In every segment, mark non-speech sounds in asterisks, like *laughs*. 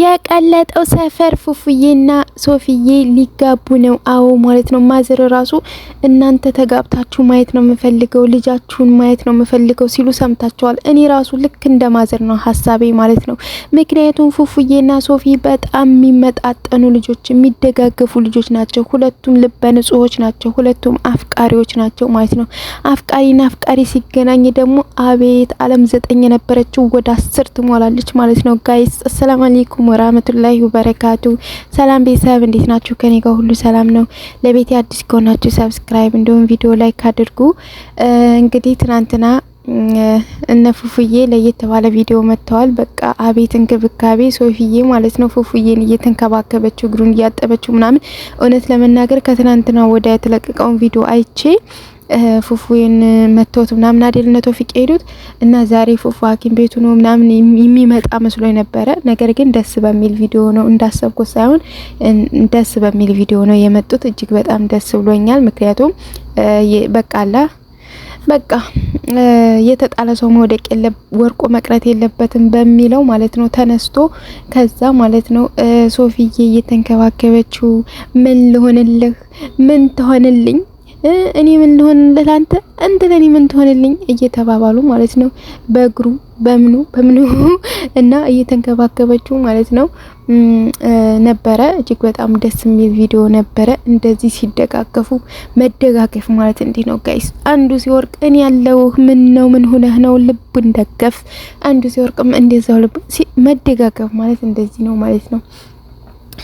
የቀለጠው ሰፈር ፉፉዬና ሶፊዬ ሊጋቡ ነው። አዎ ማለት ነው። ማዘር ራሱ እናንተ ተጋብታችሁ ማየት ነው የምፈልገው፣ ልጃችሁን ማየት ነው የምፈልገው ሲሉ ሰምታችኋል። እኔ ራሱ ልክ እንደ ማዘር ነው ሀሳቤ ማለት ነው። ምክንያቱም ፉፉዬና ሶፊ በጣም የሚመጣጠኑ ልጆች፣ የሚደጋገፉ ልጆች ናቸው። ሁለቱም ልበ ንጹሆች ናቸው። ሁለቱም አፍቃሪዎች ናቸው ማለት ነው። አፍቃሪና አፍቃሪ ሲገናኝ ደግሞ አቤት አለም ዘጠኝ የነበረችው ወደ አስር ትሞላለች ማለት ነው። ጋይስ አሰላም አለይኩም አለይኩም ወራህመቱላሂ ወበረካቱ። ሰላም ቤተሰብ እንዴት ናችሁ? ከኔ ጋር ሁሉ ሰላም ነው። ለቤት አዲስ ከሆናችሁ ሰብስክራይብ፣ እንዲሁም ቪዲዮ ላይክ አድርጉ። እንግዲህ ትናንትና እነ ፉፉዬ ለየት ባለ ቪዲዮ መጥተዋል። በቃ አቤት እንክብካቤ ሶፊዬ ማለት ነው ፉፉዬን እየተንከባከበችው እግሩን እያጠበችው ምናምን። እውነት ለመናገር ከትናንትና ወደ የተለቀቀውን ቪዲዮ አይቼ ፉፉን መተውት ምናምን አይደል እነ ቶፊቅ የሄዱት እና ዛሬ ፉፉ ሐኪም ቤቱ ነው ምናምን የሚመጣ መስሎ ነበረ። ነገር ግን ደስ በሚል ቪዲዮ ነው እንዳሰብኩት ሳይሆን ደስ በሚል ቪዲዮ ነው የመጡት። እጅግ በጣም ደስ ብሎኛል። ምክንያቱም በቃላ በቃ የተጣለ ሰው መውደቅ የለ ወርቆ መቅረት የለበትም በሚለው ማለት ነው ተነስቶ ከዛ ማለት ነው ሶፊዬ እየተንከባከበችው ምን ልሆንልህ ምን ትሆንልኝ እኔ ምን ልሆንልህ አንተ እንትን እኔ ምን ትሆንልኝ እየተባባሉ ማለት ነው። በእግሩ በምኑ በምኑ *laughs* እና እየተንከባከበችው ማለት ነው ነበረ። እጅግ በጣም ደስ የሚል ቪዲዮ ነበረ። እንደዚህ ሲደጋገፉ መደጋገፍ ማለት እንዲህ ነው ጋይስ። አንዱ ሲወርቅ እኔ ያለው ምን ነው ምን ሆነህ ነው ልብ እንደገፍ አንዱ ሲወርቅም እንደዛው ልብ መደጋገፍ ማለት እንደዚህ ነው ማለት ነው።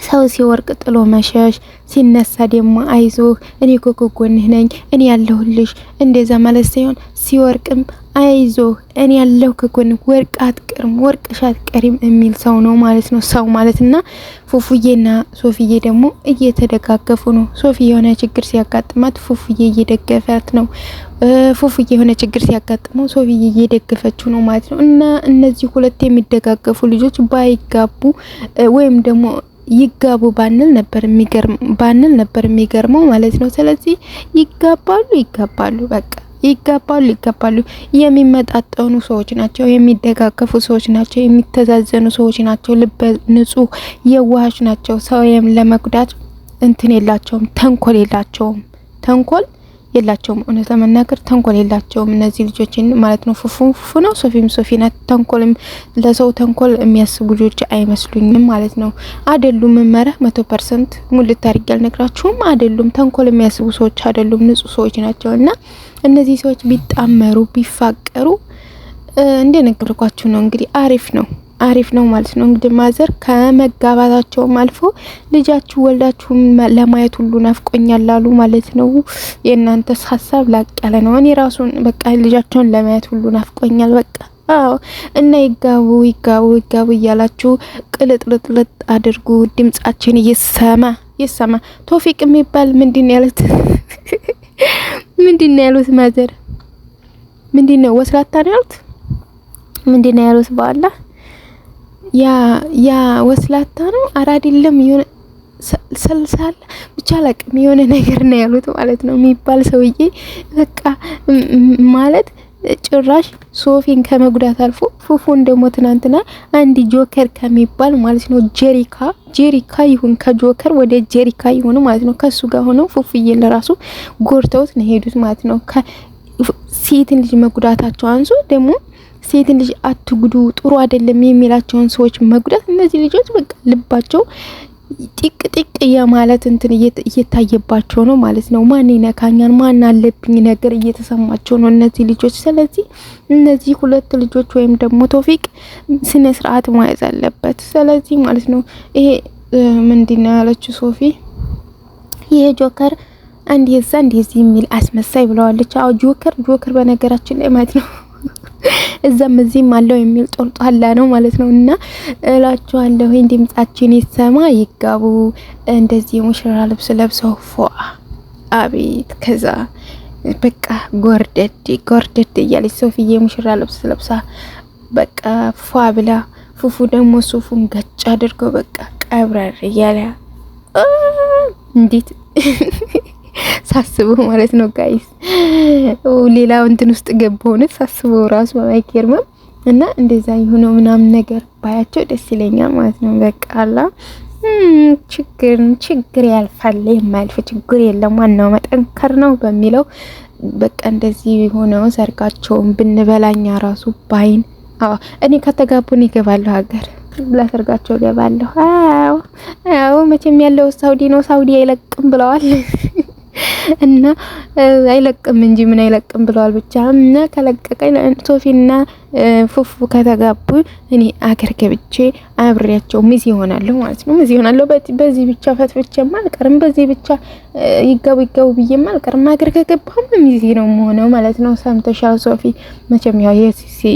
ሰው ሲወርቅ ጥሎ መሸሽ፣ ሲነሳ ደግሞ አይዞህ እኔ እኮ ነኝ እኔ ያለሁልሽ እንደዛ ማለት ሳይሆን ሲወርቅም አይዞህ እኔ ያለሁ ከጎንህ ወርቅ አትቀርም ወርቅሽ አትቀሪም የሚል ሰው ነው ማለት ነው ሰው ማለት እና ፉፉዬና ሶፊዬ ደግሞ እየተደጋገፉ ነው። ሶፊ የሆነ ችግር ሲያጋጥማት ፉፉዬ እየደገፈት ነው። ፉፉዬ የሆነ ችግር ሲያጋጥመው ሶፊዬ እየደገፈችው ነው ማለት ነው እና እነዚህ ሁለት የሚደጋገፉ ልጆች ባይጋቡ ወይም ደግሞ ይጋቡ ባንል ነበር የሚገርም ባንል ነበር የሚገርመው ማለት ነው። ስለዚህ ይጋባሉ ይጋባሉ በቃ ይጋባሉ ይጋባሉ። የሚመጣጠኑ ሰዎች ናቸው፣ የሚደጋገፉ ሰዎች ናቸው፣ የሚተዛዘኑ ሰዎች ናቸው፣ ልበ ንጹህ የዋሃች ናቸው። ሰውም ለመጉዳት እንትን የላቸውም፣ ተንኮል የላቸውም። ተንኮል የላቸውም። እውነት ለመናገር ተንኮል የላቸውም እነዚህ ልጆችን ማለት ነው። ፉፉ ፉፉ ነው፣ ሶፊም ሶፊ ናት። ተንኮልም ለሰው ተንኮል የሚያስቡ ልጆች አይመስሉኝም ማለት ነው። አይደሉም መመሪያ መቶ ፐርሰንት ሙልት አድርጌ አልነግራችሁም። አይደሉም ተንኮል የሚያስቡ ሰዎች አይደሉም፣ ንጹህ ሰዎች ናቸው። እና እነዚህ ሰዎች ቢጣመሩ ቢፋቀሩ እንደነገርኳችሁ ነው እንግዲህ አሪፍ ነው። አሪፍ ነው ማለት ነው። እንግዲህ ማዘር ከመጋባታቸውም አልፎ ልጃችሁ ወልዳችሁ ለማየት ሁሉ ናፍቆኛል አሉ ማለት ነው። የእናንተስ ሀሳብ ላቅ ያለ ነው። እኔ ራሱን በቃ ልጃቸውን ለማየት ሁሉ ናፍቆኛል በቃ አዎ እና ይጋቡ ይጋቡ ይጋቡ እያላችሁ ቅልጥልጥልጥ አድርጉ። ድምጻችን ይሰማ ይሰማ። ቶፊቅ የሚባል ምንድን ነው ያሉት? *laughs* ምንድን ነው ያሉት? ማዘር ምንድን ነው ወስላታ ነው ያሉት? ምንድን ነው ያሉት? በኋላ ያ ያ ወስላታ ነው አራዲለም የሆነ ሰልሳል ብቻ አላቅም የሆነ ነገር ነው ያሉት ማለት ነው የሚባል ሰውዬ በቃ ማለት ጭራሽ ሶፊን ከመጉዳት አልፎ ፉፉን ደግሞ ትናንትና አንድ ጆከር ከሚባል ማለት ነው ጀሪካ ጀሪካ ይሁን ከጆከር ወደ ጀሪካ ይሁን ማለት ነው ከሱ ጋር ሆነው ፉፉዬን ለራሱ ጎርተውት ነው ሄዱት ማለት ነው። ሴትን ልጅ መጉዳታቸው አንሶ ደግሞ ሴትን ልጅ አትጉዱ ጥሩ አይደለም የሚላቸውን ሰዎች መጉዳት እነዚህ ልጆች በቃ ልባቸው ጢቅ ጢቅ የማለት እንትን እየታየባቸው ነው ማለት ነው። ማን ይነካኛል፣ ማን አለብኝ ነገር እየተሰማቸው ነው እነዚህ ልጆች። ስለዚህ እነዚህ ሁለት ልጆች ወይም ደግሞ ቶፊቅ ስነ ስርዓት መያዝ አለበት። ስለዚህ ማለት ነው ይሄ ምንድነው ያለችው ሶፊ ይሄ ጆከር እንዲህ እዛ እንዲህ የሚል አስመሳይ ብለዋለች። አዎ ጆከር ጆከር በነገራችን ላይ ማለት ነው *laughs* እዛም እዚህም አለው የሚል ጦርጣላ ነው ማለት ነው። እና እላችኋለሁ ወይ ድምጻችን ይሰማ ይጋቡ። እንደዚህ የሙሽራ ልብስ ለብሰው ፎ አቤት ከዛ በቃ ጎርደድ ጎርደድ እያለች ሶፊዬ የሙሽራ ልብስ ለብሳ በቃ ፏ ብላ፣ ፉፉ ደግሞ ሱፉን ገጭ አድርጎ በቃ ቀብረር እያለ እንዴት ሳስበው ማለት ነው ጋይስ። ሌላ እንትን ውስጥ ገባሁ እውነት ሳስበው ራሱ አይገርምም። እና እንደዛ የሆነው ምናምን ነገር ባያቸው ደስ ይለኛል ማለት ነው። በቃ አላ ችግር ችግር ያልፋል፣ የማያልፍ ችግር የለም። ዋናው መጠንከር ነው በሚለው በቃ እንደዚህ የሆነው ሰርጋቸውን ብንበላኛ ራሱ ባይን አዎ እኔ ከተጋቡን ይገባለሁ ሀገር ብላ ሰርጋቸው ገባለሁ። አዎ አዎ መቼም ያለው ሳውዲ ነው፣ ሳውዲ አይለቅም ብለዋል። እና አይለቅም እንጂ ምን አይለቅም ብለዋል። ብቻ እና ከለቀቀ ሶፊና ፉፉ ከተጋቡ እኔ አገር ገብቼ አብሬያቸው ሚዜ ይሆናለሁ ማለት ነው። ሚዜ ይሆናለሁ። በዚህ ብቻ ፈትፍቼማ አልቀርም። በዚህ ብቻ ይገቡ ይገቡ ብዬ አልቀርም። አገር ከገባሁም ሚዜ ነው የምሆነው ማለት ነው። ሰምተሻል ሶፊ? መቼም ያው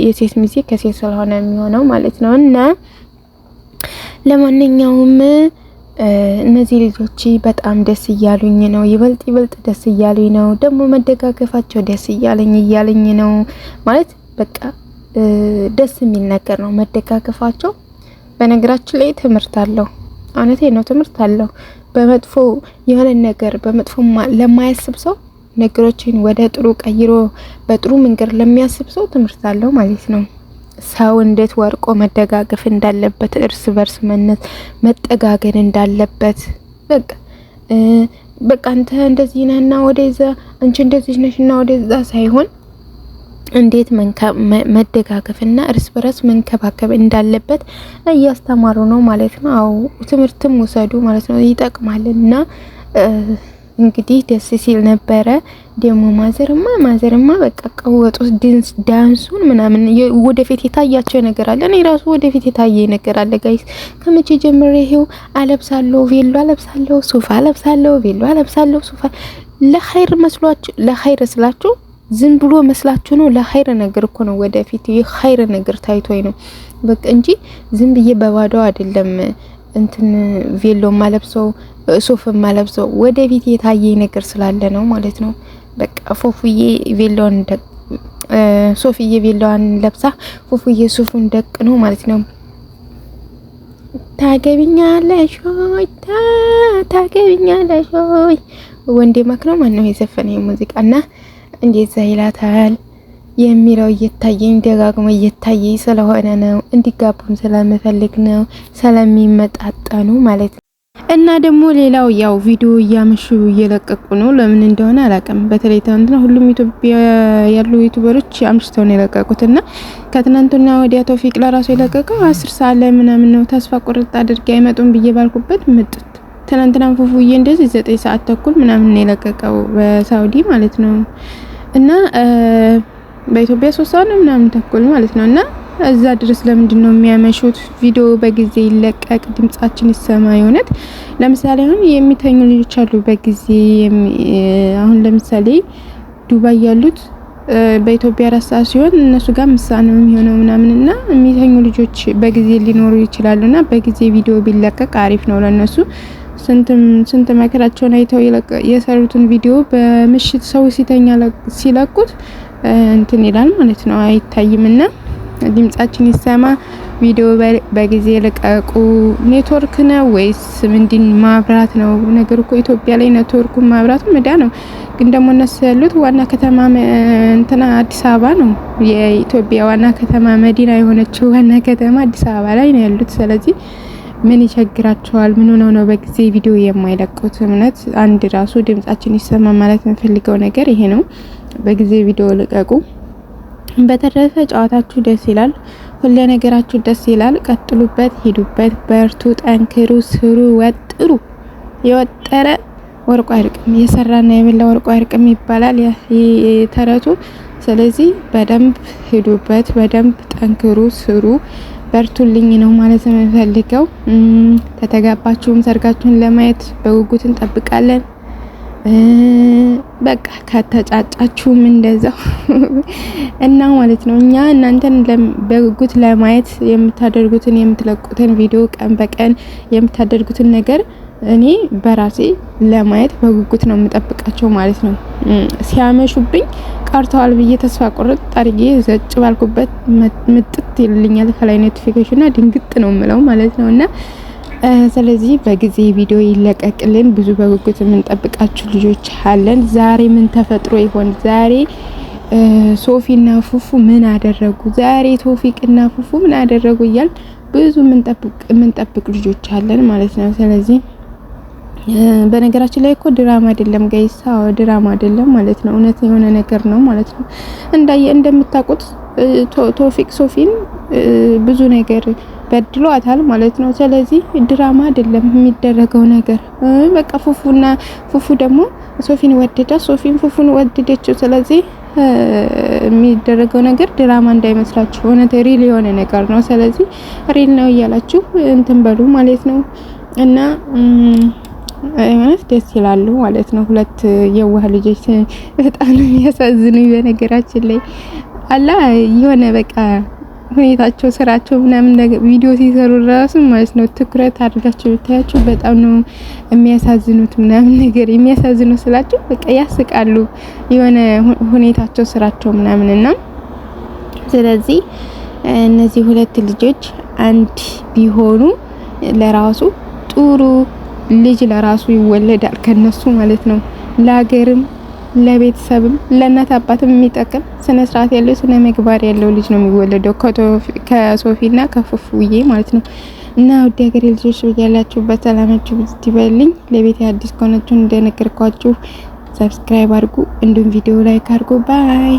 የሴት ሚዜ ከሴት ስለሆነ የሚሆነው ማለት ነው እና ለማንኛውም እነዚህ ልጆች በጣም ደስ እያሉኝ ነው። ይበልጥ ይበልጥ ደስ እያሉኝ ነው። ደግሞ መደጋገፋቸው ደስ እያለኝ እያለኝ ነው ማለት በቃ ደስ የሚል ነገር ነው መደጋገፋቸው። በነገራችን ላይ ትምህርት አለው። እውነቴ ነው፣ ትምህርት አለው። በመጥፎ የሆነ ነገር በመጥፎ ለማያስብ ሰው ነገሮችን ወደ ጥሩ ቀይሮ በጥሩ መንገድ ለሚያስብ ሰው ትምህርት አለው ማለት ነው። ሰው እንዴት ወርቆ መደጋገፍ እንዳለበት፣ እርስ በርስ መነት መጠጋገን እንዳለበት በቃ በቃ አንተ እንደዚህ ነህና ወደዛ፣ አንቺ እንደዚህ ነሽና ወደዛ ሳይሆን እንዴት መደጋገፍና እርስ በርስ መንከባከብ እንዳለበት እያስተማሩ ነው ማለት ነው። አዎ ትምህርትም ውሰዱ ማለት ነው፣ ይጠቅማልና እንግዲህ ደስ ሲል ነበረ። ደግሞ ማዘርማ ማዘርማ በቃ ቀወጡ ድንስ ዳንሱን ምናምን ወደፊት የታያቸው ነገር አለ። እኔ ራሱ ወደፊት የታየ ነገር አለ። ጋይስ ከመቼ ጀምሬ ይሄው አለብሳለሁ፣ ቬሎ አለብሳለሁ፣ ሱፋ አለብሳለሁ፣ ቬሎ አለብሳለሁ፣ ሱፋ ለኸይር መስሏችሁ፣ ለኸይር ስላችሁ ዝም ብሎ መስላችሁ ነው። ለኸይር ነገር እኮ ነው ወደፊት የኸይር ነገር ታይቶኝ ነው በቃ እንጂ ዝም ብዬ በባዶ አይደለም እንትን ቬሎ ማለብሰው ሱፍ የማለብሰው ወደፊት የታየ ነገር ስላለ ነው ማለት ነው። በቃ ፎፉዬ ቬሎን ሶፊዬ ቬሎዋን ለብሳ ፎፉዬ ሱፉን ደቅ ነው ማለት ነው። ታገቢኛለሽ ሆይ ታገቢኛለሽ ሆይ ወንዴ ማክ ነው የዘፈነ የሙዚቃ እና እንዴት ይላታል የሚለው እየታየኝ ደጋግሞ እየታየኝ ስለሆነ ነው እንዲጋቡም ስለምፈልግ ነው ስለሚመጣጠኑ ማለት ነው። እና ደግሞ ሌላው ያው ቪዲዮ እያመሹ እየለቀቁ ነው። ለምን እንደሆነ አላውቅም። በተለይ ትናንትና ሁሉም ኢትዮጵያ ያሉ ዩቱበሮች አምሽተው ነው የለቀቁት እና ከትናንትና ወዲያ ቶፊቅ ለራሱ የለቀቀው አስር ሰዓት ላይ ምናምን ነው። ተስፋ ቁርጥ አድርጌ አይመጡም ብዬ ባልኩበት መጡት። ትናንትና ፉፉዬ እንደዚህ ዘጠኝ ሰዓት ተኩል ምናምን ነው የለቀቀው በሳውዲ ማለት ነው እና በኢትዮጵያ ሶስት ሰዓት ነው ምናምን ተኩል ማለት ነው እና እዛ ድረስ ለምንድን ነው የሚያመሹት? ቪዲዮ በጊዜ ይለቀቅ፣ ድምጻችን ይሰማ። የእውነት ለምሳሌ አሁን የሚተኙ ልጆች አሉ በጊዜ አሁን ለምሳሌ ዱባይ ያሉት በኢትዮጵያ አራት ሰዓት ሲሆን እነሱ ጋር ምሳ ነው የሚሆነው ምናምን እና የሚተኙ ልጆች በጊዜ ሊኖሩ ይችላሉና በጊዜ ቪዲዮ ቢለቀቅ አሪፍ ነው ለነሱ። ስንት መከራቸውን አይተው የሰሩትን ቪዲዮ በምሽት ሰው ሲተኛ ሲለቁት እንትን ይላል ማለት ነው አይታይምና ድምጻችን ይሰማ። ቪዲዮ በጊዜ ልቀቁ። ኔትወርክ ነው ወይስ ምንድን ማብራት ነው ነገር? እኮ ኢትዮጵያ ላይ ኔትወርኩ ማብራቱ መዳ ነው። ግን ደግሞ እነሱ ያሉት ዋና ከተማ እንትና አዲስ አበባ ነው። የኢትዮጵያ ዋና ከተማ መዲና የሆነችው ዋና ከተማ አዲስ አበባ ላይ ነው ያሉት። ስለዚህ ምን ይቸግራቸዋል? ምን ሆነው ነው በጊዜ ቪዲዮ የማይለቁት? እምነት አንድ ራሱ ድምጻችን ይሰማ ማለት የምፈልገው ነገር ይሄ ነው። በጊዜ ቪዲዮ ልቀቁ። በተረፈ ጨዋታችሁ ደስ ይላል፣ ሁሌ ነገራችሁ ደስ ይላል። ቀጥሉበት፣ ሂዱበት፣ በርቱ፣ ጠንክሩ፣ ስሩ፣ ወጥሩ። የወጠረ ወርቁ አይርቅም፣ የሰራና የበላ ወርቋ አይርቅም ይባላል ተረቱ። ስለዚህ በደንብ ሂዱበት፣ በደንብ ጠንክሩ፣ ስሩ፣ በርቱልኝ ነው ማለት ነው የምፈልገው። ተተጋባችሁም ሰርጋችሁን ለማየት በጉጉት እንጠብቃለን። በቃ ከተጫጫችሁም እንደዛው *laughs* እና ማለት ነው። እኛ እናንተን በጉጉት ለማየት የምታደርጉትን የምትለቁትን ቪዲዮ ቀን በቀን የምታደርጉትን ነገር እኔ በራሴ ለማየት በጉጉት ነው የምጠብቃቸው ማለት ነው። ሲያመሹብኝ ቀርተዋል ብዬ ተስፋ ቁርጥ አድርጌ ዘጭ ባልኩበት ምጥት ይልኛል ከላይ ኖቲፊኬሽንና ድንግጥ ነው ምለው ማለት ነውና ስለዚህ በጊዜ ቪዲዮ ይለቀቅልን። ብዙ በጉጉት የምንጠብቃችሁ ልጆች አለን። ዛሬ ምን ተፈጥሮ ይሆን? ዛሬ ሶፊና ፉፉ ምን አደረጉ? ዛሬ ቶፊቅና ፉፉ ምን አደረጉ? እያል ብዙ የምንጠብቅ ልጆች አለን ማለት ነው። ስለዚህ በነገራችን ላይ እኮ ድራማ አይደለም ጋይሳ፣ ድራማ አይደለም ማለት ነው። እውነት የሆነ ነገር ነው ማለት ነው። እንዳየ እንደምታውቁት ቶፊቅ ሶፊን ብዙ ነገር በድሏታል ማለት ነው። ስለዚህ ድራማ አይደለም የሚደረገው ነገር። በቃ ፉፉና ፉፉ ደግሞ ሶፊን ወደዳ፣ ሶፊን ፉፉን ወደደችው። ስለዚህ የሚደረገው ነገር ድራማ እንዳይመስላችሁ እውነት ሪል የሆነ ነገር ነው። ስለዚህ ሪል ነው እያላችሁ እንትን በሉ ማለት ነው እና ማለት ደስ ይላሉ ማለት ነው። ሁለት የዋህ ልጆች በጣም የሚያሳዝኑ በነገራችን ላይ አላ የሆነ በቃ ሁኔታቸው ስራቸው ምናምን ቪዲዮ ሲሰሩ ራሱ ማለት ነው ትኩረት አድርጋቸው ብታያቸው በጣም ነው የሚያሳዝኑት። ምናምን *laughs* ነገር የሚያሳዝኑ ስላቸው በቃ ያስቃሉ፣ የሆነ ሁኔታቸው ስራቸው ምናምን እና ስለዚህ እነዚህ ሁለት ልጆች አንድ ቢሆኑ ለራሱ ጥሩ ልጅ ለራሱ ይወለዳል ከነሱ ማለት ነው ለሀገርም ለቤተሰብም ለእናት አባትም የሚጠቅም ስነ ስርዓት ያለው ስነ ምግባር ያለው ልጅ ነው የሚወለደው ከሶፊና ከፉፉዬ ማለት ነው። እና ውድ ሀገሬ ልጆች ያላችሁበት ሰላማችሁ ይበልኝ። ለቤት አዲስ ከሆናችሁ እንደነገርኳችሁ ሰብስክራይብ አድርጉ፣ እንዲሁም ቪዲዮ ላይክ አድርጉ። ባይ